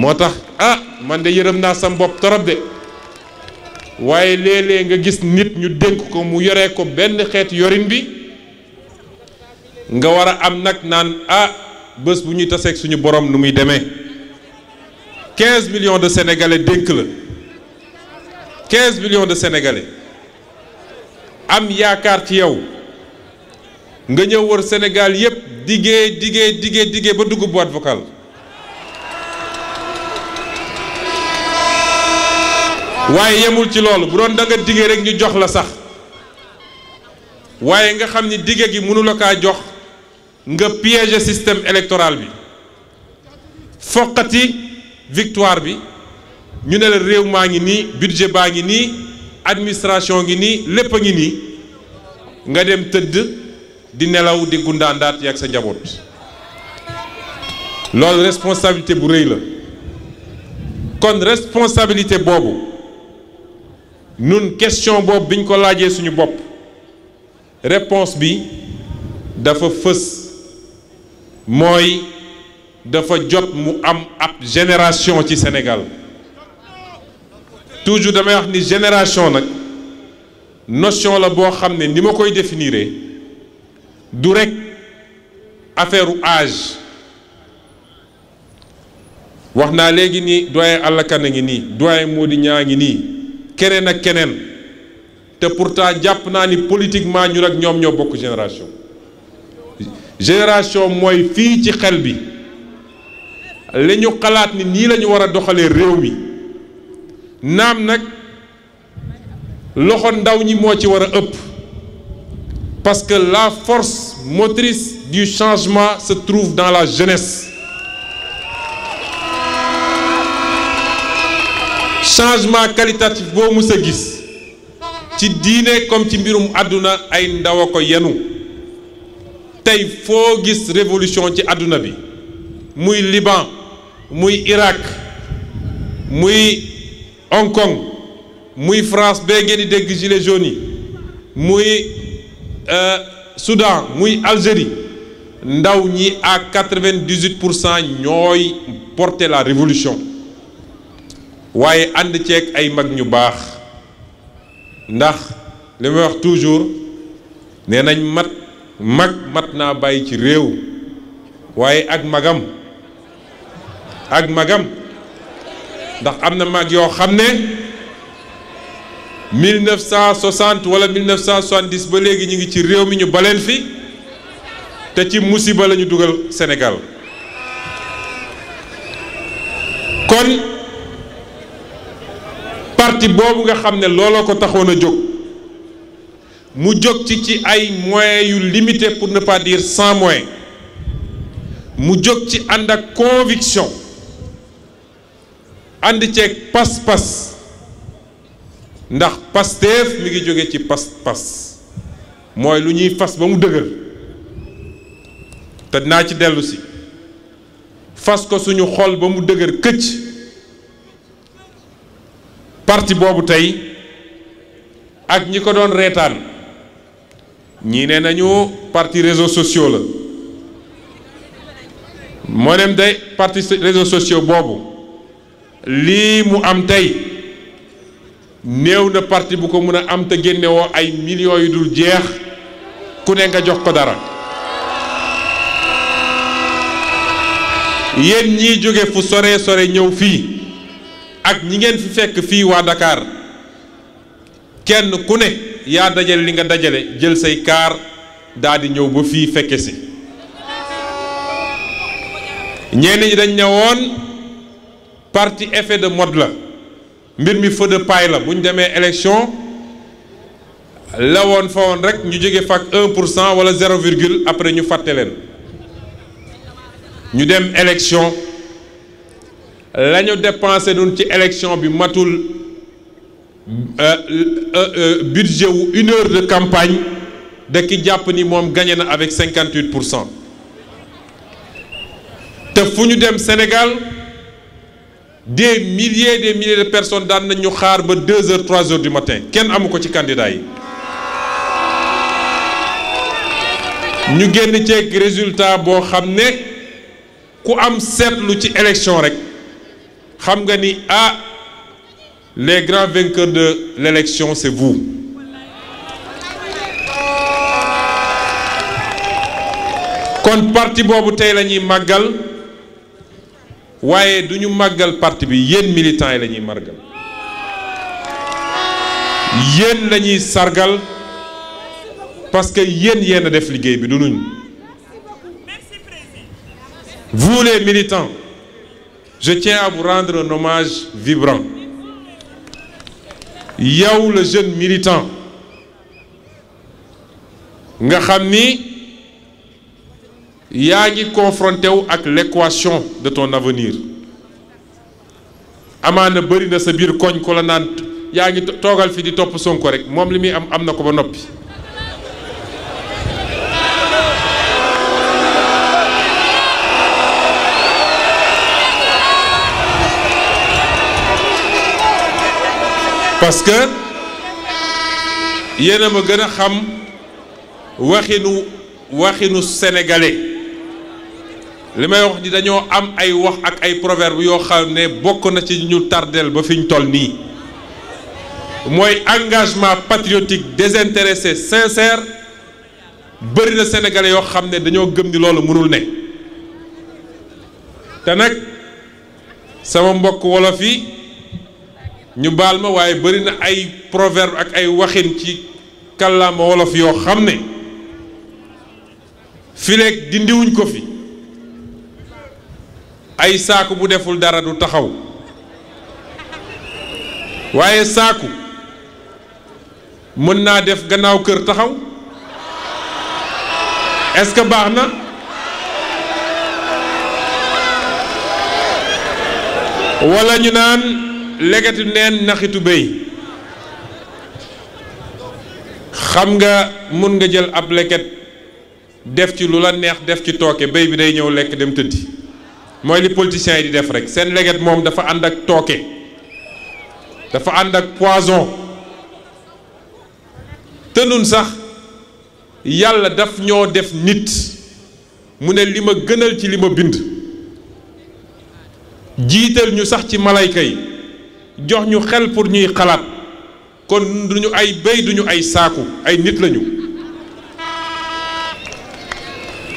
moo tax a ah, man de yërëm naa sa bopp torop de waaye léeg-léeg nga gis nit ñu dénk ko mu yore ko benn xeet yorin bi nga war a am nag naan ah bés bu ñuy taseeg suñu borom lu muy demee 15 millions de sénégalais dénk la 15 millions de senegale am yaakaar ci yow nga ñëw wër Sénégal yépp diggee diggee diggee diggee ba dugg boîte vocale. waaye yemul ci loolu bu doon da nga rek ñu jox la sax waaye nga xam ni dige gi mënu la kaa jox nga piéger système électoral bi foqati victoire bi ñu ne la réew maa ngi nii budget baa ngi nii administration ngi nii lépp a ngi nii nga dem tëdd di nelaw di gundaandaat yaag sa njaboot loolu responsabilité bu rëy la kon responsabilité boobu nun question boobu biñ ko laajee suñu bopp réponse bi dafa fës mooy dafa jot mu am ab génération ci senegal toujours damay wax ni génération nag notion la boo xam ne ni ma koy définiree du rekk affaire u âge wax naa léegi ni doyen àllakan a ngi nii doyen Mody ñaa ngi nii keneen ak keneen te pourtant jàpp naa ni politiquement ñun ak ñoom ñoo bokk génération génération mooy fii ci xel bi li ñu xalaat ni nii lañu ñu war a doxalee réew mi naam nag loxo ndaw ñi moo ci war a ëpp parce que la force motrice du changement se trouve dans la jeunesse changement qualitatif boo mus gis ci diine comme ci mbirum àdduna ay ndaw a ko yenu tey foo gis révolution ci àdduna bi muy Liban muy Irak muy Hong Kong muy France bee ngeen di dégg gilets jaunes yi muy euh, Soudan muy Algérie ndaw ñi à quatre-vingt-dix-huit pour cent ñooy porte la révolution waaye ànd ceeg ay mag ñu baax ndax li may wax toujours nee nañ mat mag mat naa bàyyi ci réew waaye ak magam ak magam ndax am na mag yoo xam ne 1960 wala 1970 ba léegi ñu ngi ci réew mi ñu baleen fi te ci musiba la ñu dugal senegal parti boobu nga xam ne looloo ko taxoon a jóg mu jóg ci ci ay moyens yu limité pour ne pas dire sans moyen mu jóg ci ànd ak conviction ànd ceeg pas-pas ndax Pastef mi ngi jóge ci pas-pas mooy lu ñuy fas ba mu dëgër te dinaa ci dellusi fas ko suñu xol ba mu dëgër këcc parti boobu tey ak ñi ko doon reetaan ñii ne nañu parti réseaux sociaux la moo dem day parti réseau sociaux boobu lii mu am tey néew na parti bu ko mën a am te génnewoo ay millions yu dul jeex ku ne nga jox ko dara yéen ñii jóge fu sore sore ñëw fii ak ñi ngeen fi fekk fii waa Dakar kenn ku ne yaa dajale li nga dajale jël say kaar daal ñëw ba fii fekk si ñenn ñi dañ ne woon parti effet de mode la mbir mi feu de la bu ñu demee élection la woon fa woon rek ñu jóge fak 1 pour cent wala 0 virgule après ñu fàtte leen ñu dem élection. la ñu dépensé nun ci élection bi matul euh, euh, euh, budget wu une heure de campagne da ki jàpp ni moom gagné na avec 58 pour cent te fu ñu dem Sénégal des milliers des milliers de personnes daan nañ ñu xaar ba 2 heures 3 heures du matin kenn amu ko ci candidat yi ñu génn ceeg résultat boo xam ne ku am seetlu ci élection rek xam nga ni ah les grands vainqueurs de l'élection c'est vous kon parti boobu tey lañuy màggal waaye du ñu màggal parti bi yéen militants yi lañuy ñuy màggal yéen la sargal parce que yéen yéen a def liggéey bi du nuñ vous les je tiens à rendre un hommage vibrant yow le jeune militant nga xam ni yaa ngi confronté wu ak l'équation de ton avenir amaana bëri na sa biir koñ ko la yaa ngi toogal fi di topp Sonko rek moom li muy am am na ko ba noppi parce que yéen a ma gën a xam waxinu waxinu sénégalais li may wax ni dañoo am ay wax ak ay proverbe yoo xam ne bokk na ci ñu tardeel ba fi ñu toll nii mooy engagement patriotique désintéressé sincère bëri na sénégalais yoo xam ne dañoo gëm ni loolu mënul nekk te nag sama mbokk wolof yi ñu baal ma waaye bëri na ay proverbe ak ay waxin ci kàllaama wolof yoo xam ne fileeg dindiwuñ ko fi ay saaku bu deful dara du taxaw waaye saaku mën naa def gannaaw kër taxaw est-ce que baax na walla ñu naan legetu neen naxitu béy xam nga mun nga jël ab leget def ci lu la neex def ci tooke béy bi day ñëw lekk dem tëddi mooy li politiciens yi di def rek seen leget moom dafa ànd ak tooke dafa ànd ak poison te nun sax yàlla daf ñoo def nit mu ne li ma gënal ci li ma bind jiital ñu sax ci malayka yi jox ñu xel pour ñuy xalaat kon duñu ay béy duñu ay saaku ay nit lañu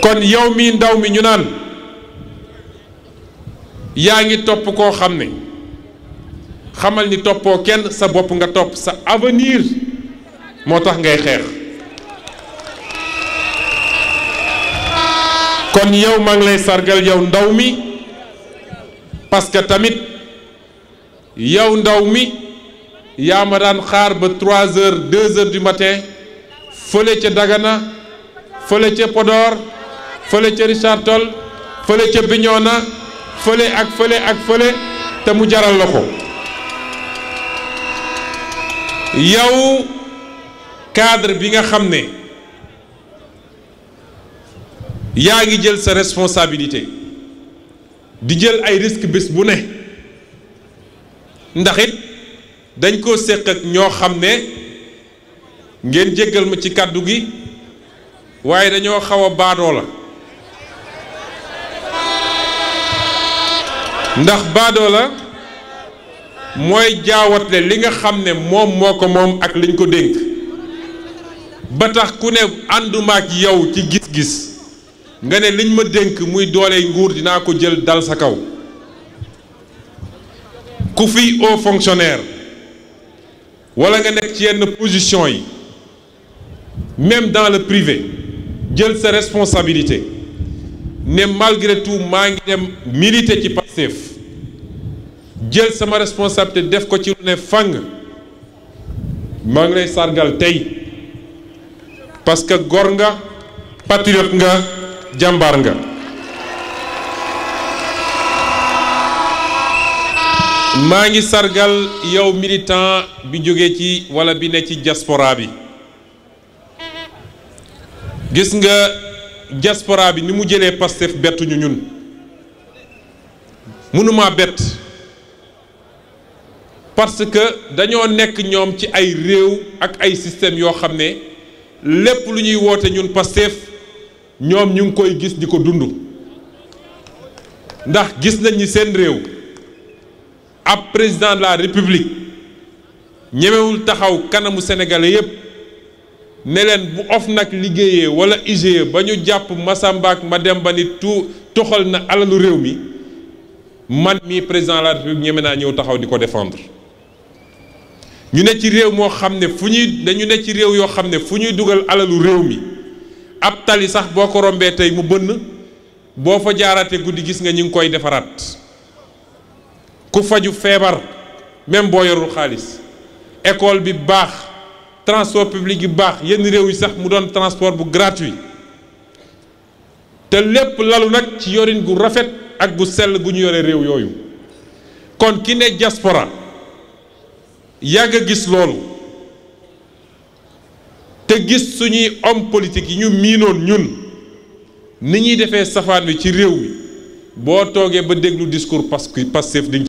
kon yow mi ndaw mi ñu naan yaa ngi topp koo xam ne xamal ni toppoo kenn sa bopp nga topp sa avenir moo tax ngay xeex kon yow maa ngi lay sargal yow ndaw mi parce tamit yow ndaw mi yaa ma daan xaar ba trois heures 2 heures du matin fële ca Dagana fële ca Podor fële ca Richard Toll fële ca Bignona fële ak fële ak fële te mu jaral la ko yow cadre bi nga xam ne yaa ngi jël sa responsabilité di jël ay risques bés bu ne. ndaxit dañ koo séq ak ñoo xam ne ngeen jéggal ma ci kàddu gi waaye dañoo xaw a baadoo la ndax baadoo la mooy jaawatle li nga xam ne moom moo ko moom ak liñ ko dénk ba tax ku ne ànduma ak yow ci gis-gis nga ne liñ ma dénk muy doole nguur dinaa ko jël dal sa kaw ku fi haut fonctionnaire wala nga nekk ci yenn position yi même dans le privé jël sa responsabilité ne malgré tout maa ngi dem milité ci Pastef jël sama responsabilité def ko ci lu ne fang maa ngi lay sargal tey parce que gor nga patriote nga jàmbaar nga maa ngi sargal yow militant bi jóge ci walla bi ne ci diaspora bi gis nga diaspora bi ni mu jëlee Pastef bettuñu ñun mënumaa bett parce que dañoo nekk ñoom ci ay réew ak ay système yoo xam ne lépp lu ñuy woote ñun Pastef ñoom ñu ngi koy gis di ko dund ndax gis nañ ñi seen réew ab président la république ñemewul taxaw kanamu sénégalais yépp ne leen bu nag liggéeyee wala IGE ba ñu jàpp ma dem ba ni tu toxal na alalu réew mi man mii président la république ñeme naa ñëw taxaw di ko défendre ñu ne ci réew moo xam ne fu ñuy dañu ne ci réew yoo xam ne fu ñuy dugal alalu réew mi ab tali sax boo ko rombee tey mu bënn boo fa jaaraatee guddi gis nga ñu ngi koy defaraat ku faju feebar même boo yorul xaalis école bi baax transport public yi baax yenn réew yi sax mu doon transport bu gratuit te lépp lalu nag ci yorin gu rafet ak gu sell gu ñu yore réew yooyu kon ki ne diaspora yàgg a gis loolu te gis suñuy homme politique yi ñu miinoon ñun ni ñuy defee safaan wi ci réew mi boo toogee ba déglu discours parce que Pastef di